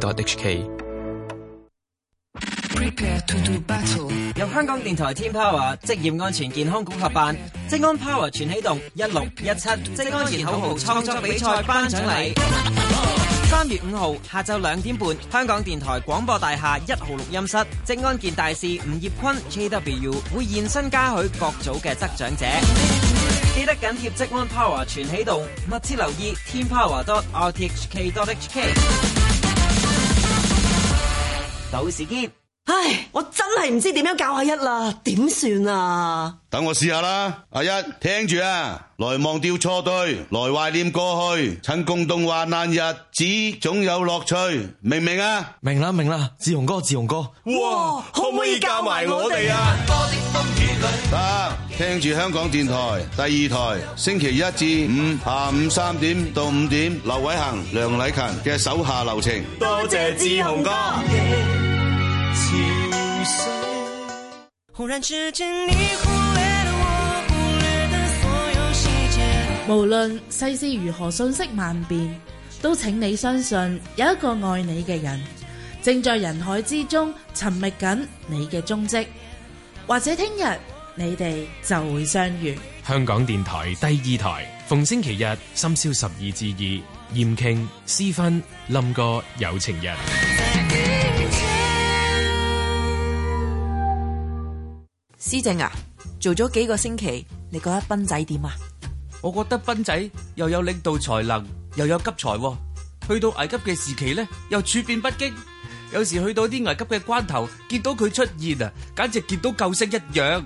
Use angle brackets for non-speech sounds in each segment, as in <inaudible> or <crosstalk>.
To do 由香港電台 Team power 職業安全健康局合辦，職安 power 全啟動一六一七職安健口號創作比賽頒獎禮，三月五號下晝兩點半，香港電台廣播大廈一號錄音室，職安健大使吳業坤 JW 會現身嘉許各組嘅得獎者。記得緊貼職安 power 全啟動，密切留意 Team power dot r t h k dot h k。到時見。唉，我真係唔知點樣教阿一啦，點算啊？等我試下啦，阿一，聽住啊！來忘掉錯對，來懷念過去，趁共同患難日子，總有樂趣。明唔明啊？明啦明啦，志雄哥，志雄哥，哇可唔可以教埋我哋啊？啊，聽住香港電台第二台，星期一至五下午三點到五點，劉偉恒、梁禮勤嘅手下留情。多謝志雄哥。情無論世事如何瞬息萬變，都請你相信，有一個愛你嘅人，正在人海之中尋覓緊你嘅蹤跡，或者聽日你哋就會相遇。香港電台第二台，逢星期日，深宵十二至二，嚴傾私分，冧個有情人。施正啊，做咗幾個星期，你覺得斌仔點啊？我覺得斌仔又有領導才能，又有急才，去到危急嘅時期咧，又處變不驚。有時去到啲危急嘅關頭，見到佢出現啊，簡直見到救星一樣。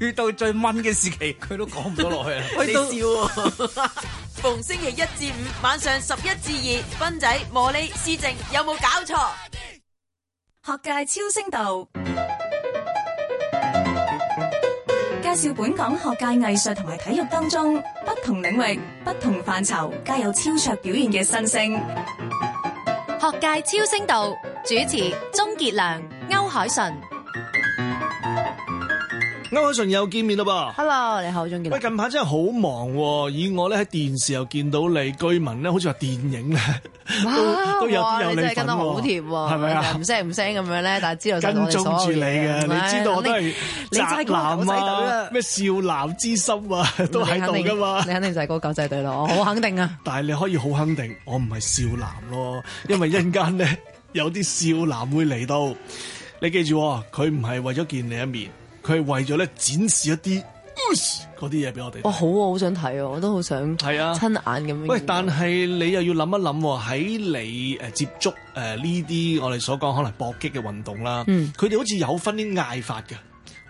去到最掹嘅時期，佢都講唔到落去啊。你笑，去到逢星期一至五晚上十一至二，斌仔、莫呢、施正有冇搞錯？學界超聲道。介紹本港學界藝術同埋體育當中不同領域、不同範疇皆有超卓表現嘅新星，學界超星道，主持鍾傑良、歐鎧淳。歐鎧淳又見面嘞噃！Hello，你好，鍾傑良喂，近排真係好忙，以我咧喺電視又見到你，據聞咧好似話電影咧都都有有份喎。你真係跟得好貼喎。係咪啊？唔聲唔聲咁樣咧，但係知道在咁樣跟蹤住你嘅，你知道我都係宅男啊？咩少男之心啊，都喺度噶嘛？你肯定就係嗰個狗仔隊咯，我好肯定啊。但係你可以好肯定，我唔係少男咯，因為一陣間咧有啲少男會嚟到，你記住佢唔係為咗見你一面。佢係為咗咧展示一啲嗰啲嘢俾我哋。哦，好、啊，我好想睇、啊，我都好想啊，親眼咁樣。喂，但係你又要諗一諗喎、啊，喺你誒接觸誒呢啲我哋所講可能搏擊嘅運動啦，佢哋、嗯、好似有分啲嗌法嘅。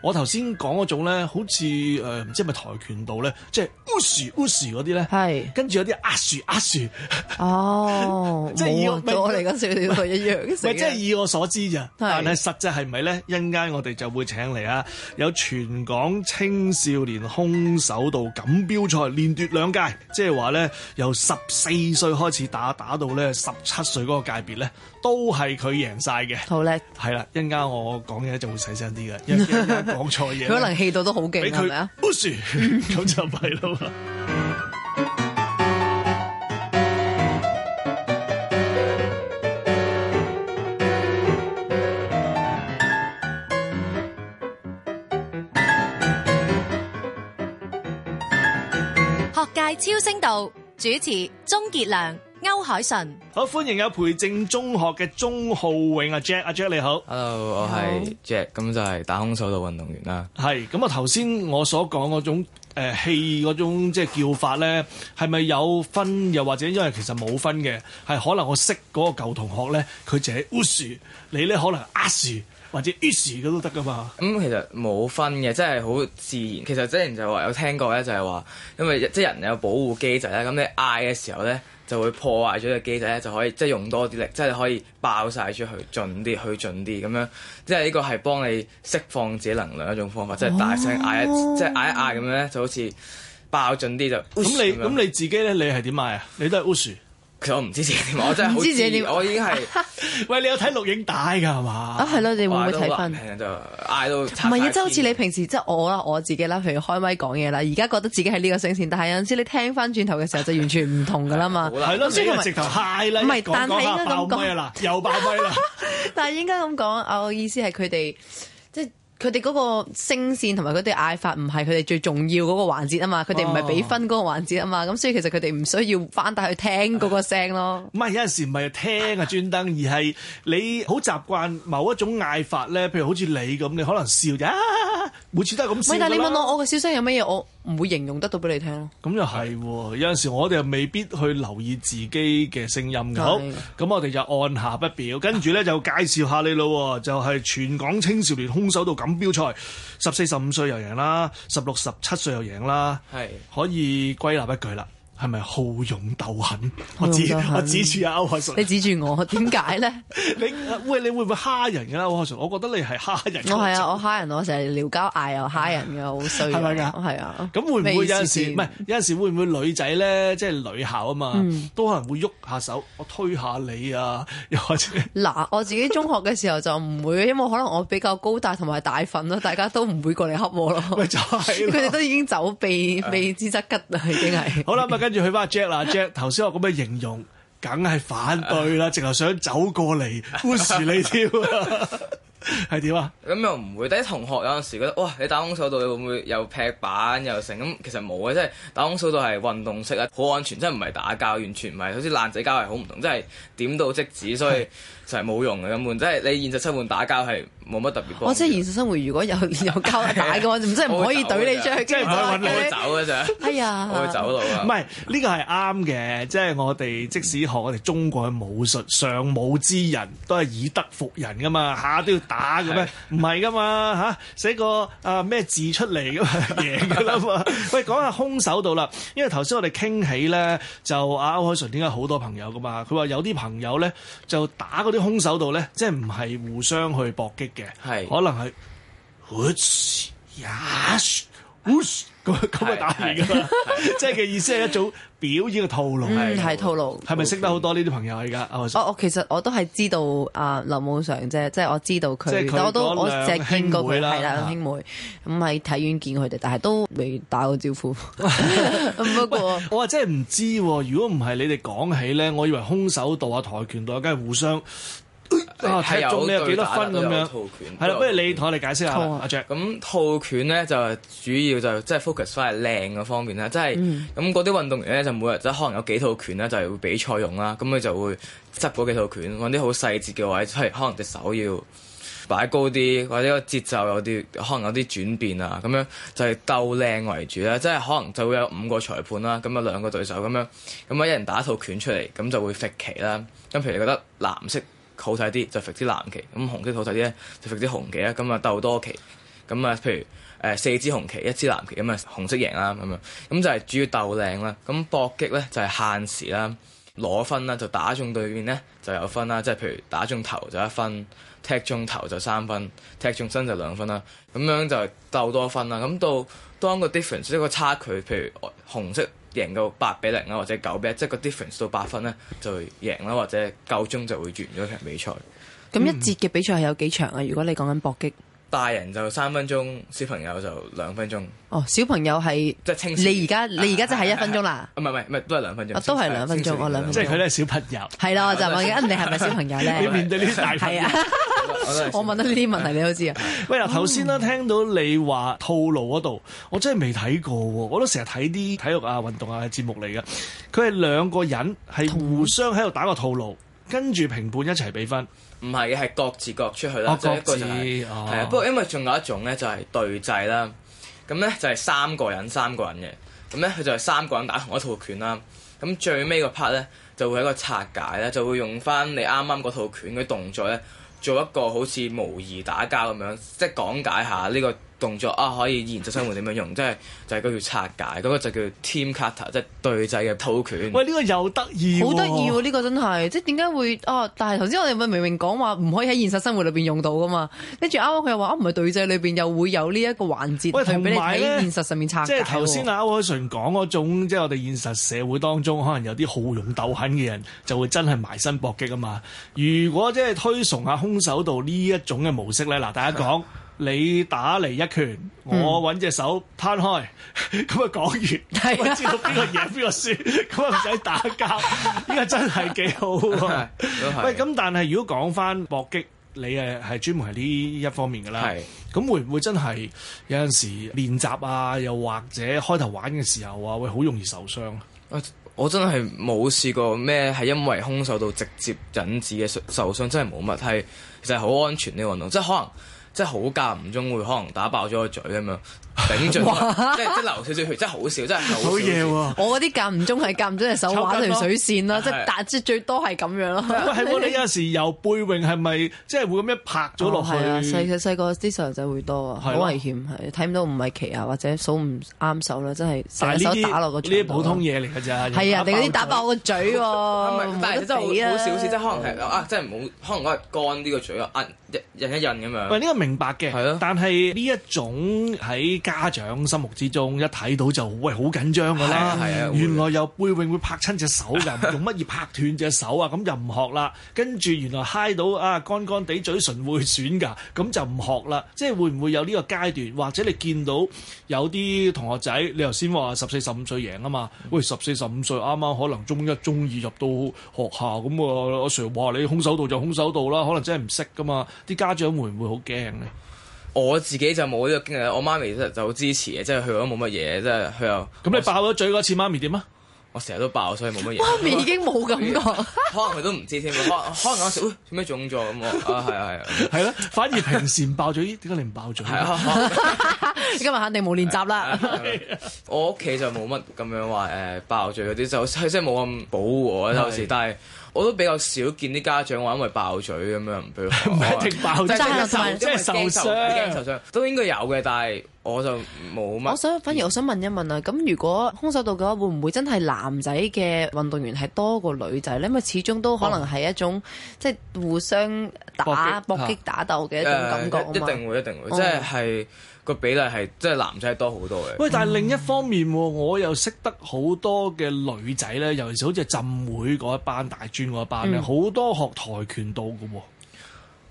我頭先講嗰種咧，好似誒唔知係咪跆拳道咧，即係 u s h u 嗰啲咧，跟住有啲壓樹壓樹。哦，即係以我嚟講，少少都一樣嘅。唔係，即係以我所知咋。是但係實際係唔係咧？一陣間我哋就會請嚟啊，有全港青少年空手道錦標賽連奪兩屆，即係話咧由十四歲開始打，打到咧十七歲嗰個界別咧，都係佢贏晒嘅。好叻吧！係啦，一陣間我講嘢就會細聲啲嘅。 <laughs> 講錯嘢，佢可能氣到都好勁，係咪啊？咁就弊啦。學界超聲道，主持鍾杰良。歐鎧淳，好，歡迎有培正中學嘅鍾灝永阿 Jack 阿 Jack 你好，Hello，我係 Jack，咁好就係打空手道運動員啦。係，咁啊頭先我所講嗰種誒氣嗰種即係叫法咧，係咪有分又或者因為其實冇分嘅？係可能我識嗰個舊同學咧，佢就係 u s 你咧可能 as。或者 us 嘅都得㗎嘛？咁、嗯、其實冇分嘅，真係好自然。其實之前就話有聽過咧，就係話因為即人有保護機制咧，咁你嗌嘅時候咧就會破壞咗個機制咧，就可以即用多啲力，即可以爆晒出去，盡啲去盡啲咁樣。即呢個係幫你釋放自己能量一種方法，即、哦、大聲嗌，一，即、就、嗌、是、一嗌咁樣咧，就好似爆盡啲就嘣嘣。咁你咁樣你自己咧，你係點嗌啊？你都係 us。我唔知自己點，我真係好黐。我已經係，喂，你有睇錄影帶㗎係嘛？啊，係咯，你會唔會睇翻？就嗌到，唔係，即係好似你平時即係我啦，我自己啦，譬如開麥講嘢啦，而家覺得自己係呢個聲線，但係有陣時你聽翻轉頭嘅時候就完全唔同㗎啦嘛。係咯，所以直頭 high 啦。唔係，但係應該咁講。嗱，又爆咪啦。但係應該咁講，我意思係佢哋。佢哋個聲線同埋佢哋嗌法唔係佢哋最重要個環節啊嘛，佢哋唔係比分個環節啊嘛，咁、哦、所以其實佢哋唔需要翻帶去聽個聲咯。唔係、嗯、有陣時唔係聽啊專登，而係你好習慣某一種嗌法咧，譬如好似你咁，你可能笑啫。啊每次都係咁先，但係你問我、啊、我嘅笑聲有乜嘢？我唔會形容得到俾你聽咯。咁又係喎，有陣時我哋又未必去留意自己嘅聲音嘅。好的，咁我哋就按下不表，跟住咧就介紹下你咯。就係、是、全港青少年空手道錦標賽，十四、十五歲又贏啦，十六、十七歲又贏啦，係的可以歸納一句啦。係咪好勇鬥狠？我指我指住阿歐鎧淳，你指住我？點解咧？ <laughs> 你喂，你會唔會蝦人㗎啦？我覺得你係蝦人，、啊、人。我，人是是我啊，我蝦人，我成日聊交嗌又蝦人嘅，好衰。係咪㗎？係啊。咁會唔會有陣時？唔係有陣時會唔會女仔咧？即係女校啊嘛，嗯、都可能會喐下手，我推下你啊，又或者……嗱，我自己中學嘅時候就唔會，因為可能我比較高大同埋大份咯，大家都唔會過嚟恰我咯。佢哋、 <laughs> 就係、都已經走避，避之則吉啦，已經係。 <laughs> 好啦，咁。跟住去翻 Jack 啦，Jack 頭先我咁樣形容，梗係反對啦， <laughs> 直頭想走過嚟呼 u 你跳，係點啊？咁又唔會。啲同學有陣時覺得，哇！你打空手道會唔會又劈板又成？咁其實冇嘅，即係打空手道係運動式啊，好安全，真係唔係打交，完全唔係，好似爛仔交係好唔同，真係點到即止，所以。實就係冇用嘅咁換，即係你現實生活打交係冇乜特別。我、哦、即係現實生活，如果有有交打嘅話，即係唔可以懟你出去，即係唔可以揾你走嘅咋？係啊是，可以走路。唔係，呢個係啱嘅，即係、嗯、我哋即使學我哋中國嘅武術，尚武之人都係以德服人㗎嘛，下、啊、都要打嘅咩？唔係㗎嘛，嚇、啊、寫個啊咩字出嚟咁、啊、嘛，贏㗎啦。喂，講下空手度空手道啦，因為頭先我哋傾起咧，就阿歐鎧淳點解好多朋友㗎嘛？佢話有啲朋友咧就打嗰啲。空手道咧，即係唔係互相去搏擊嘅，係是可能係。 <noise> <noise> 噓，咁咁嘅打嚟噶， <laughs> 即係嘅意思係一種表演嘅套路，係套路。係咪識得好多呢啲朋友而家哦，Okay. 我其實我都係知道阿、啊、林武祥啫，即係我知道佢，即是我都兩我淨係見過佢係啦，兄妹，兄妹。唔係喺體院見佢哋，但係都未打過招呼。 <laughs> 不過 <laughs> 我話真係唔知、啊，如果唔係你哋講起咧，我以為空手道啊、跆拳道啊，梗係互相。啊，哦、中你有幾多分咁樣？係啦，了套拳不如你同我哋解釋下阿、oh, Jack。咁套拳咧就主要就即係 focus 翻係靚嘅方面啦。即係咁嗰啲運動員咧就每日都可能有幾套拳咧就係會比賽用啦。咁佢就會執嗰幾套拳，揾啲好細節嘅位，即係可能隻手要擺高啲，或者個節奏有啲可能有啲轉變啊。咁樣就係鬥靚為主啦。即、就、係、是、可能就會有五個裁判啦，咁啊兩個對手咁樣，咁啊一人打一套拳出嚟，咁就會 fit 旗啦。咁譬如你覺得藍色。好睇啲就揈支藍旗，咁、嗯、紅色好睇啲咧就揈、呃、支紅旗啦，咁啊鬥多旗，咁啊譬如誒四支紅旗一支藍旗，咁啊紅色贏啦咁樣，咁就係主要鬥靚啦。咁搏擊咧就係、是、限時啦，攞分啦就打中對面咧就有分啦，即係譬如打中頭就一分，踢中頭就三分，踢中身就兩分啦。咁樣就鬥多分啦。咁到當個 difference 一個差距，譬如、呃、紅色。贏夠八比零啊，或者九比一，即係個 difference 到八分咧，就贏啦，或者夠鐘就會完咗場比賽。咁、嗯、一節嘅比賽係有幾長啊？如果你講緊搏擊。大人就三分鐘，小朋友就兩分鐘。哦，小朋友係即係清。你而家你而家就係一分鐘啦。唔係唔係唔係，都係兩分鐘。都係兩分鐘，我兩分鐘。即係佢咧，小朋友。係啦，我就問緊你係咪小朋友咧？你面對呢啲大。係啊，我問到呢啲問題，你都知啊。喂，頭先我聽到你話套路嗰度，我真係未睇過喎。我都成日睇啲體育啊、運動啊嘅節目嚟㗎。佢係兩個人係互相喺度打個套路，跟住評判一齊俾分。唔係嘅，係各自各出去啦，啊、即係一個就係、係、啊、哦。不過因為仲有一種咧，就係對制啦。咁咧就係三個人，三個人嘅。咁咧佢就係三個人打同一套拳啦。咁最尾個 part 咧就會係一個拆解咧，就會用翻你啱啱嗰套拳嘅動作咧，做一個好似模擬打交咁樣，即係講解下呢、呢個，動作啊，可以現實生活點樣用？即係就係、是、嗰叫拆解，嗰 <laughs> 個就叫 team cutter，即係對制嘅套拳。喂，呢、這個又得意、哦，好得意喎！呢、這個真係，即係點解會啊？但係頭先我哋咪明明講話唔可以喺現實生活裏邊用到噶嘛？跟住啱啱佢又話啊，唔係對制裏邊又會有呢一個環節。喂，同埋咧，你喺現實上面拆。即係頭先阿歐鎧淳講嗰種，即、就、係、是、我哋現實社會當中，可能有啲好勇鬥狠嘅人，就會真係埋身搏擊噶嘛。如果即係推崇下空手道呢一種嘅模式咧，嗱，大家講。 <laughs> 你打嚟一拳，嗯、我揾隻手攤開，咁啊講完， <laughs> 我知道邊個贏邊個輸，咁啊唔使打交，依個 <laughs> 真係幾好。是喂，咁但係如果講翻搏擊，你誒係專門係呢一方面㗎啦。咁是會唔會真係有陣時練習啊，又或者開頭玩嘅時候啊，會好容易受傷？我、啊、我真係冇試過咩係因為空手道直接引致嘅受受傷，真係冇乜係，其實好安全呢個運動，即、就、係、是、可能。即係好間唔中會可能打爆咗個嘴咁樣。成日即係即係流少少血，真係好少，真係好嘢喎！我嗰啲間唔中係間唔中隻手玩條水線啦，即係達至最多係咁樣咯。係喎，你有時遊背泳係咪即係會咁樣拍咗落去？係啊，細細個啲細路仔會多啊，好危險，係睇唔到唔係奇啊，或者數唔啱手咧，真係。但係呢啲呢啲普通嘢嚟㗎咋？係啊，定係啲打爆我個嘴喎？唔係，但好少少，即係可能係啊，真係好，可能我係乾呢個嘴啊，印一印印咁樣。喂，呢個明白嘅，但係呢一種喺，家長心目之中一睇到就喂好緊張噶啦，原來有背泳會拍親隻手㗎， <laughs> 用乜嘢拍斷隻手啊？咁就唔學啦。跟住原來嗨到啊乾乾地嘴唇會損㗎，咁就唔學啦。即係會唔會有呢個階段？或者你見到有啲同學仔，你頭先話十四十五歲贏啊嘛？喂，十四十五歲啱啱可能中一中二入到學校，咁我阿 Sir 話你空手道就空手道啦，可能真係唔識㗎嘛？啲家長會唔會好驚咧？ <laughs> 我自己就冇呢個經歷，我媽咪就就好支持嘅，即係佢都冇乜嘢，即係佢又。咁你爆咗嘴嗰次，媽咪點啊？我成日都爆，所以冇乜嘢。媽咪已經冇感覺，可能佢都唔知添， <laughs> 可能 <laughs> 我食咩腫咗咁。啊，係啊，係啦、啊， <laughs> 反而平時爆嘴，啲，點解你唔爆嘴？係啊，你 <laughs> <laughs> 今日肯定冇練習啦。我屋企就冇乜咁樣話誒爆嘴嗰啲，就即係冇咁保護我有時、啊，但係。我都比較少見啲家長話因為爆嘴咁樣唔俾佢學啊，唔一定爆嘴，即係受即係受傷，都應該有嘅，但係我就冇嘛。我想反而我想問一問啊，咁如果空手道嘅話，會唔會真係男仔嘅運動員係多過女仔咧？因為始終都可能係一種即係互相打搏擊打鬥嘅一種感覺，一定會，一定會，即係。個比例係即係男仔多好多嘅。喂，但係另一方面，嗯、我又識得好多嘅女仔咧，尤其是好似浸會嗰一班、大專嗰一班咧，好、嗯、多學跆拳道㗎喎。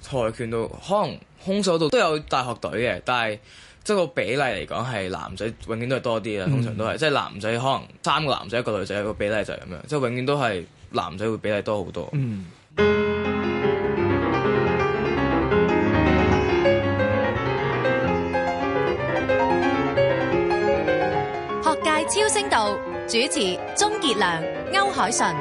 跆拳道可能空手道都有大學隊嘅，但係即係個比例嚟講係男仔永遠都係多啲喇，嗯、通常都係即係男仔可能三個男仔一個女仔個比例就係咁樣，即係永遠都係男仔會比例多好多。嗯。主持鍾傑良、歐鎧淳，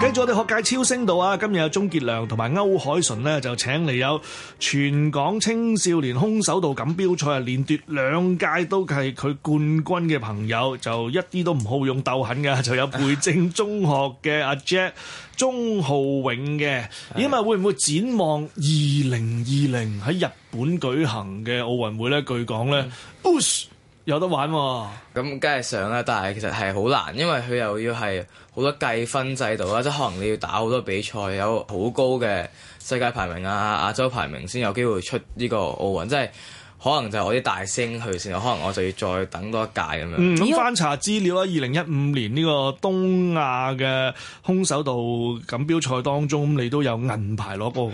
跟住我哋學界超聲道啊！今日有鍾傑良同埋歐鎧淳呢，就請嚟有全港青少年空手道錦標賽啊，連奪兩屆都係佢冠軍嘅朋友，就一啲都唔好用鬥狠嘅，就有培正中學嘅阿 Jack 鍾灝永嘅，咦的？咁啊會唔會展望二零二零喺日本舉行嘅奧運會呢？據講呢。push, 的 h 有得玩喎，啊！咁梗係上啦，但係其實係好難，因為佢又要係好多計分制度啦，即係可能你要打好多比賽，有好高嘅世界排名啊、亞洲排名先有機會出呢個奧運，即係可能就係我啲大星去先，可能我就要再等多一屆咁樣。嗯，咁翻查資料啊，二零一五年呢個東亞嘅空手道錦標賽當中，你都有銀牌攞過。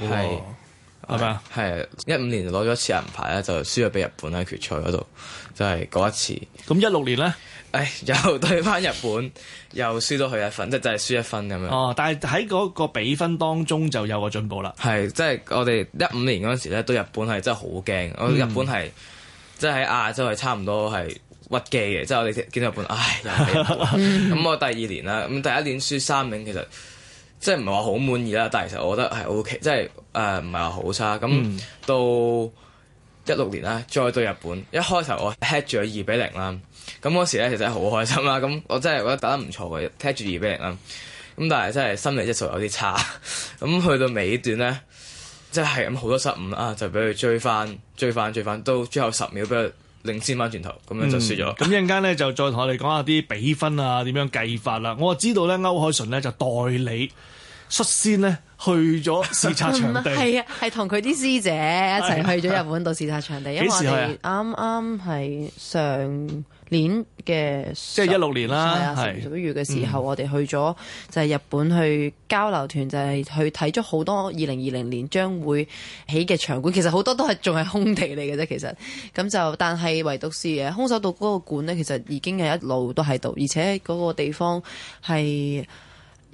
係咪啊？係一五年攞咗一次銀牌咧，就輸咗俾日本喺決賽嗰度，就係、是、嗰一次。咁一六年咧，誒、哎、又對翻日本，又輸咗佢一分，即係就係、是、輸一分咁樣。哦，但係喺嗰個比分當中就有個進步啦。係，即、就、係、是、我哋一五年嗰陣時咧，對日本係真係好驚，我哋、嗯、日本係即係喺亞洲係差唔多係屈機嘅，即、就、係、是、我哋見到日本，唉、哎，又係咁 <laughs> 我第二年啦，咁第一年輸三名其實。即係唔係話好滿意啦，但係其實我覺得係 OK，即係誒唔係話好差。咁到一六年啦，再到日本，一開頭我 h 踢住咗二比零啦，咁嗰時咧其實好開心啦。咁我真係覺得打得唔錯嘅，踢住二比零啦。咁但係真係心理質素有啲差。咁去到尾段呢，即係咁好多失誤啊，就俾佢追翻、追翻、追翻，到最後十秒俾佢領先翻轉頭，咁樣就輸咗。咁一陣間呢，就再同我哋講下啲比分啊點樣計法啦。我知道呢，歐鎧淳呢，就代理。率先呢去咗視察場地，係、 <laughs> 嗯、啊，係同佢啲師姐一齊去咗日本度視察場地。 <laughs> 因為我哋啱啱係上年嘅，即係一六年啦，係啊，十一月嘅時候，是我哋去咗就係日本去交流團，就係、是、去睇咗好多二零二零年將會起嘅場館。其實好多都係仲係空地嚟嘅啫。其實咁就，但係唯獨是嘅，空手道嗰個館呢，其實已經係一路都喺度，而且嗰個地方係。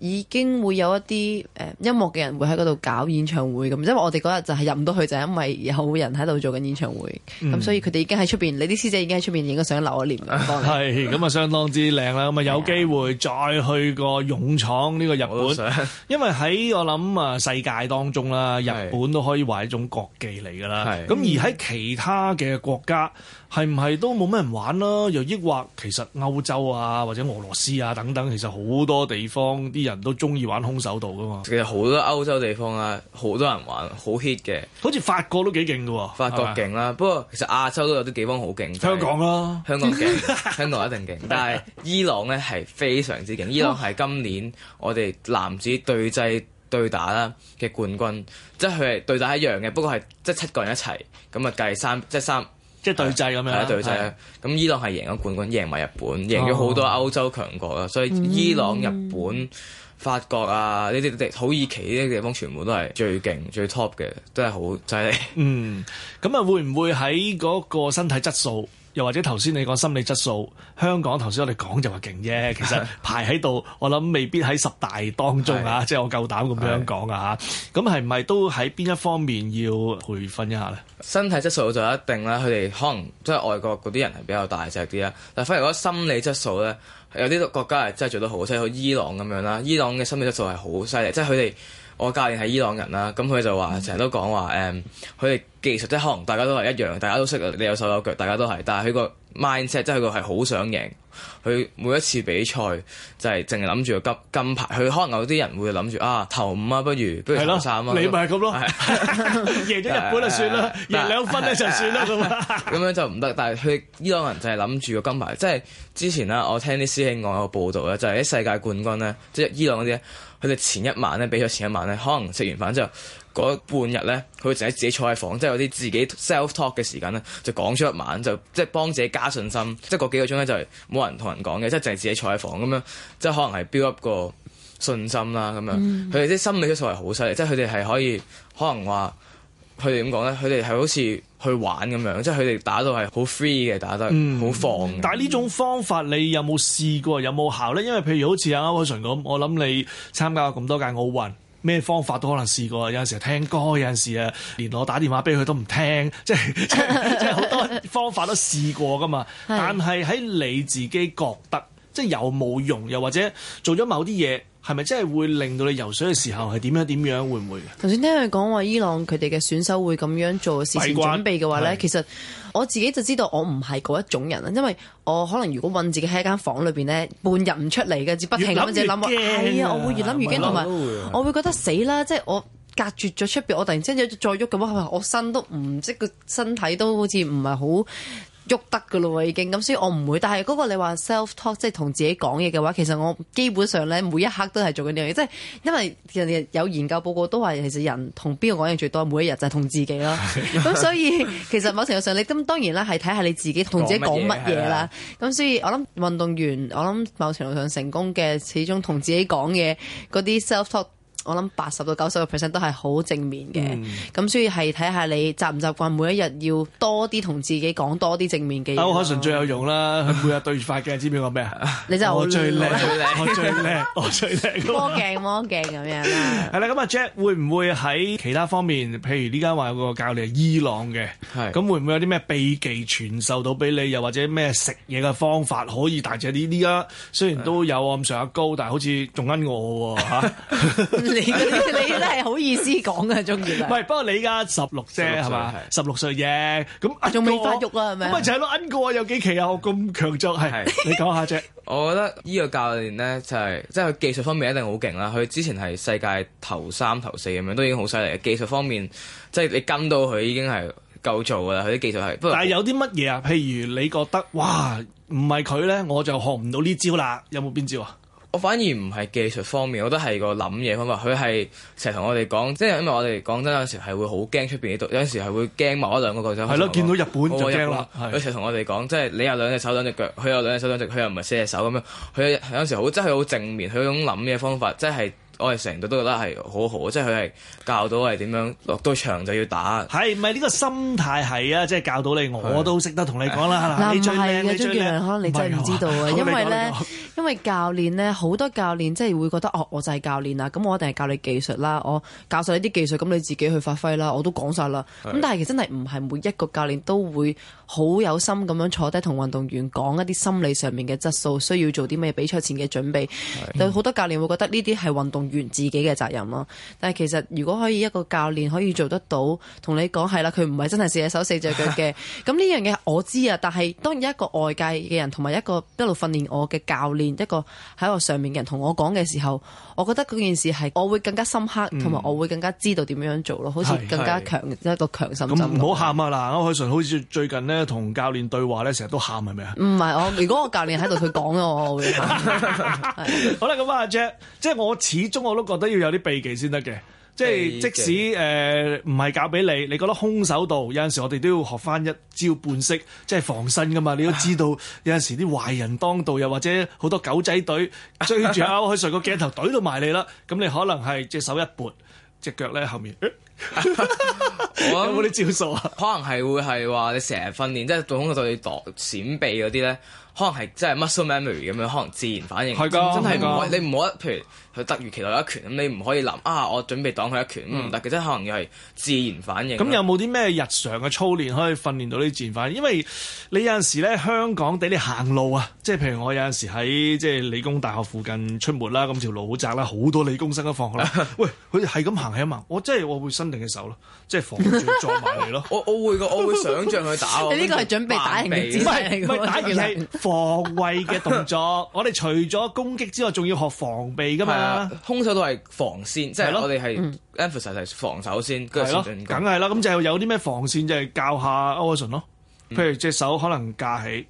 已經會有一啲誒、呃、音樂嘅人會喺嗰度搞演唱會咁，因為我哋嗰日就係入唔到去，就係、是、因為有人喺度做緊演唱會，咁、嗯、所以佢哋已經喺出邊，嗯、你啲師姐已經喺出邊影咗相留念。幫你。係咁啊，相當之靚啦！咁啊，有機會再去個勇闖呢是、啊、個日本，也 <laughs> 因為喺我諗啊世界當中啦，日本都可以話係一種國技嚟㗎啦。咁是、啊、而喺其他嘅國家，係唔係都冇咩人玩咯？又抑或其實歐洲啊，或者俄羅斯啊等等，其實好多地方啲人都中意玩空手道噶嘛。其實好多歐洲地方啊，好多人玩，好 hit 嘅。好似法國都幾勁噶喎。法國勁啦吧，不過其實亞洲都有啲地方好勁。就是、香港啦，香港勁，香港一定勁。 <laughs> 但係伊朗呢係非常之勁。伊朗係今年我哋男子對制對打啦嘅冠軍，嗯、即係佢哋對打一樣嘅，不過係即係七個人一齊咁啊計三即係三。即係對制咁樣，係對制。咁的伊朗係贏咗冠軍，贏埋日本，贏咗好多歐洲強國啦。哦、所以伊朗、日本、法國啊，呢啲、嗯、土耳其呢啲地方全部都係最勁、最 top 嘅，都係好犀利。嗯，咁啊會唔會喺嗰個身體質素？又或者頭先你講心理質素，香港頭先我哋講就話勁啫，的其實排喺度，我諗未必喺十大當中啊，即係的我夠膽咁樣講啊，咁係咪都喺邊一方面要培訓一下呢？身體質素就一定啦。佢哋可能即係外國嗰啲人係比較大隻啲啦，但係反而覺得心理質素呢，有啲國家係真係做得好犀利，好似伊朗咁樣啦，伊朗嘅心理質素係好犀利，即係佢哋。我教練係伊朗人啦，咁佢就話成日都講話誒，佢哋技術即係可能大家都係一樣，大家都識，你有手有腳，大家都係，但係佢個。Mindset 真係佢係好想贏，佢每一次比賽就係淨係諗住個金金牌。佢可能有啲人會諗住啊，頭五啊，不如不如攞三啊，的你咪係咁咯， <laughs> 贏咗日本就算啦，但贏兩分咧就算啦咁啊。但咁樣就唔得， <laughs> 但係佢伊朗人就係諗住個金牌。即係之前啦，我聽啲師兄講個報道咧，就係、是、喺世界冠軍咧，即係伊朗嗰啲佢哋前一晚咧，比賽前一晚咧，可能食完飯之後。嗰半日咧，佢就喺自己坐喺房，即、就、係、是、有啲自己 self talk 嘅時間咧，就講出一晚，就即係、就是、幫自己加信心。即係嗰幾個鐘咧，就係冇人同人講嘅，即係淨係自己坐喺房咁樣，即、就、係、是、可能係 build up 個信心啦咁樣，嗯就是、樣。佢哋啲心理質素係好犀利，即係佢哋係可以可能話佢哋點講咧？佢哋係好似去玩咁樣，即係佢哋打到係好 free 嘅，打得好放、嗯。但係呢種方法你有冇試過有冇效咧？因為譬如好似阿 Wilson 咁，我諗你參加咁多屆奧運。.咩方法都可能試過，有陣時候聽歌，有陣時啊連我打電話俾佢都唔聽，即係即係好多方法都試過㗎嘛。但係喺你自己覺得，即係有冇用，又或者做咗某啲嘢。係咪真係會令到你游水嘅時候係點樣點樣？會唔會？頭先聽佢講話，伊朗佢哋嘅選手會咁樣做，事前準備嘅話咧，關其實我自己就知道我唔係嗰一種人啦，的因為我可能如果困自己喺一間房裏邊咧，半日唔出嚟嘅，只不停諗住諗，係啊、哎，我會越諗越驚同埋，我會覺得死啦！即、就、係、是、我隔住絕咗出邊，我突然之間再喐咁，我身都唔即個身體都好似唔係好。喐得噶咯喎，已經咁，所以我唔會。但係嗰個你話 self talk，即係同自己講嘢嘅話，其實我基本上咧每一刻都係做緊呢樣嘢。即係因為其實有研究報告都話，其實人同邊個講嘢最多，每一日就係同自己啦。咁 <laughs> 所以其實某程度上，你咁當然啦，係睇下你自己同自己講乜嘢啦。咁所以我諗運動員，我諗某程度上成功嘅，始終同自己講嘢嗰啲 self talk。我諗八十到九十個 percent 都係好正面嘅，咁所以係睇下你習唔習慣每一日要多啲同自己講多啲正面嘅嘢。歐鎧淳最有用啦，佢每日對住塊鏡知唔知我咩？我最叻，我最叻，我最叻。魔鏡魔鏡咁樣啦。係啦，咁啊 Jack 會唔會喺其他方面，譬如呢間話有個教練係伊朗嘅，咁會唔會有啲咩秘技傳授到俾你？又或者咩食嘢嘅方法可以大隻啲？而家雖然都有我咁上下高，但係好似仲恩我吓。 <laughs> 你，你都真係好意思講啊，鍾健！唔係， <laughs> 不過你而家十六啫，係嘛？十六歲啫，咁仲未發育啊，係咪？咪就係攞奀過啊！有幾期啊？我咁強壯係， <laughs> 你講下啫。 <laughs> 我覺得呢個教練咧，就係即係佢技術方面一定好勁啦。佢之前係世界頭三頭四咁樣，都已經好犀利。技術方面，即係你跟到佢已經係夠做噶啦。佢啲技術係。不過但係有啲乜嘢啊？譬如你覺得哇，唔係佢咧，我就學唔到呢招啦。有冇邊招啊？我反而唔係技術方面，我覺得係個諗嘢方法。佢係成日同我哋講，即係因為我哋講真有時係會好驚出邊啲毒，有時係會驚某一兩個角色。係咯的，見到日本就驚啦。佢成日同我哋講的，即係你有兩隻手兩隻腳，佢有兩隻手兩隻腳，佢又唔係四隻手咁樣。佢有時好，即係好正面，佢種諗嘢方法，即係。我哋成日都覺得係好好，即係佢係教到係點樣落到場就要打。係，唔係呢個心態係啊，即係教到你，我都識得同你講啦。嗱，你唔係嘅鍾傑良，可能你真係唔知道啊，因為咧，因為教練咧好多教練即係會覺得哦，我就係教練啊，咁我一定係教你技術啦，我教曬呢啲技術，咁你自己去發揮啦，我都講晒啦。咁但係其實真係唔係每一個教練都會好有心咁樣坐低同運動員講一啲心理上面嘅質素，需要做啲咩比賽前嘅準備。好多教練會覺得呢啲係運動完自己嘅責任咯，但係其實如果可以一個教練可以做得到，同你講係啦，佢唔係真係四隻手四隻腳嘅，咁呢樣嘢我知啊。但係當然一個外界嘅人同埋一個一路訓練我嘅教練，一個喺我上面嘅人同我講嘅時候，我覺得嗰件事係我會更加深刻，同埋我會更加知道點樣做咯，好似更加強一個強心針。咁唔好喊啊嗱，歐鎧淳好似最近呢同教練對話咧，成日都喊係咪啊？唔係我，如果我教練喺度，佢講咧，我會喊 <laughs> <laughs> 好啦，咁啊 Jeff 即係我始終。我都覺得要有啲避忌先得嘅，即係即使誒唔係教俾你，你覺得空手道有陣時我哋都要學返一招半式，即係防身㗎嘛。你都知道有陣時啲壞人當道又，又或者好多狗仔隊追住啊，佢上 <laughs> 個鏡頭懟到埋你啦。咁你可能係隻手一撥，隻腳呢後面。欸 <laughs> 我有冇啲招數啊？可能係會係話你成日訓練，即係做功課對你擋閃避嗰啲咧，可能係真係 muscle memory 咁樣，可能自然反應。係噶，真係唔可，你唔好，譬如佢突如其來一拳，咁你唔可以諗啊，我準備擋佢一拳咁唔得嘅，即係可能要係自然反應。咁有冇啲咩日常嘅操練可以訓練到呢啲自然反應？因為你有陣時咧，香港俾你行路啊，即係譬如我有陣時喺即係理工大學附近出沒啦，咁條路好窄啦，好多理工生一放學， <laughs> 喂，佢哋係咁行起啊嘛，我真係我會定嘅手咯，即係防住撞埋嚟咯。我我會我會想象佢打我。你呢個係準備打贏嘅姿勢嚟嘅。唔係唔係，打嘅係防衛嘅動作。我哋除咗攻擊之外，仲要學防備噶嘛。係啊，空手都係防線，即係我哋係 emphasis 係防守先。梗係啦。咁就係有啲咩防線，就係教下 Oson 咯。譬如隻手可能架起，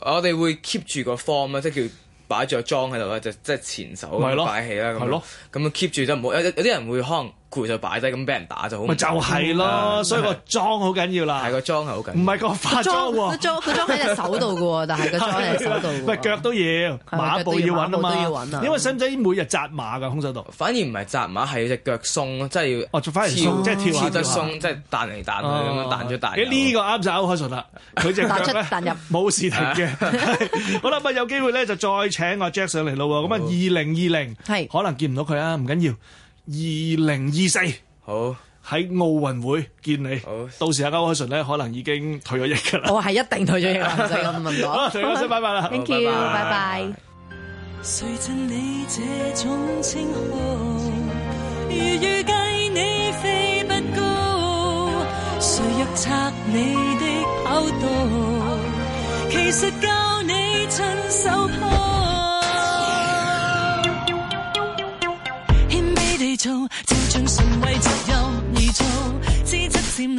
我哋會 keep 住個 form 咧，即係叫擺着裝喺度啦，就即係前手擺起啦，咁咯，咁啊 keep 住就唔好。有有啲人會可能。就擺低，咁俾人打就好。咪就係咯，所以個裝好緊要啦。係個裝係好緊要。唔係個化妝喎。個裝喺隻手度嘅，但係個腳都要，馬步要穩啊嘛。因為使唔使每日扎馬㗎？空手道反而唔係扎馬，係隻腳鬆咯，即係哦，反而即係跳下跳下。鬆即係彈嚟彈去咁樣彈咗彈。呢個啱手，好熟啦。佢隻腳彈出彈入，冇事踢嘅。好啦，咁有機會咧就再請我 Jack 上嚟咯。咁啊，二零二零係可能見唔到佢啊，唔緊要。二零二四，2024，好喺奧運會見你。好，到時阿歐鎧淳呢，可能已經退咗役㗎啦。我係一定退咗役啦，唔使咁 <laughs> 問我。歐鎧淳 <laughs> 好拜拜啦，thank you，拜拜。誰贈你這種稱號，如預計你飛不高，誰若拆你啲口度？其實教你親手破。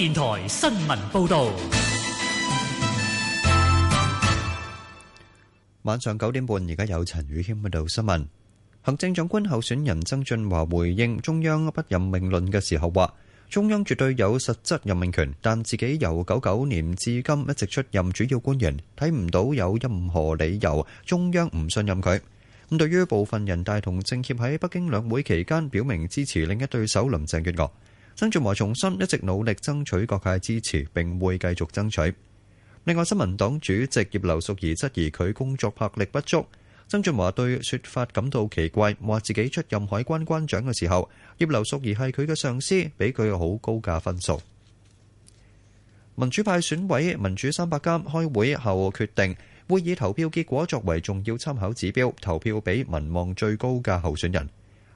電台新聞報道，晚上九點半，而家有陳宇謙報道新聞。行政長官候選人曾俊華回應中央不任命論嘅時候話，中央絕對有實質任命權，但自己由九九年至今一直出任主要官員，睇唔到有任何理由中央唔信任佢。咁對於部分人大同政協喺北京兩會期間表明支持另一對手林鄭月娥。曾俊華重申一直努力爭取各界支持，並會繼續爭取。另外，新聞黨主席葉劉淑儀質疑佢工作魄力不足。曾俊華對說法感到奇怪，話自己出任海關關長嘅時候，葉劉淑儀係佢嘅上司，俾佢好高嘅分數。民主派選委民主三百監開會後決定，會以投票結果作為重要參考指標，投票俾民望最高嘅候選人。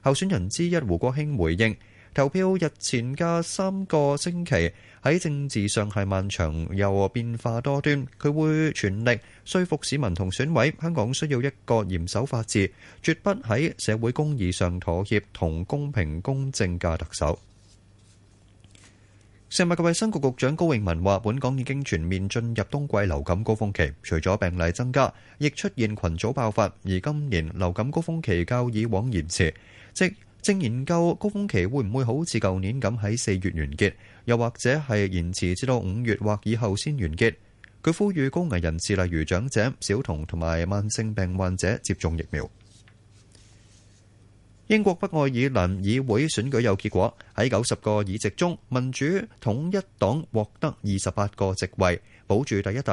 候選人之一胡國興回應。投票日前嘅三個星期喺政治上係漫長又變化多端。佢會全力說服市民同選委，香港需要一個嚴守法治、絕不喺社會公義上妥協同公平公正嘅特首。食物及衞生局局長高永文話，本港已經全面進入冬季流感高峰期，除咗病例增加，亦出現群組爆發，而今年流感高峰期較以往延遲，即正研究高峰期會唔會好似舊年咁喺四月完結，又或者係延遲至到五月或以後先完結，佢呼籲高危人士，例如長者、小童同埋慢性病患者接種疫苗。英國北愛爾蘭議會選舉有結果，喺九十個議席中，民主統一黨獲得二十八個席位，保住第一大。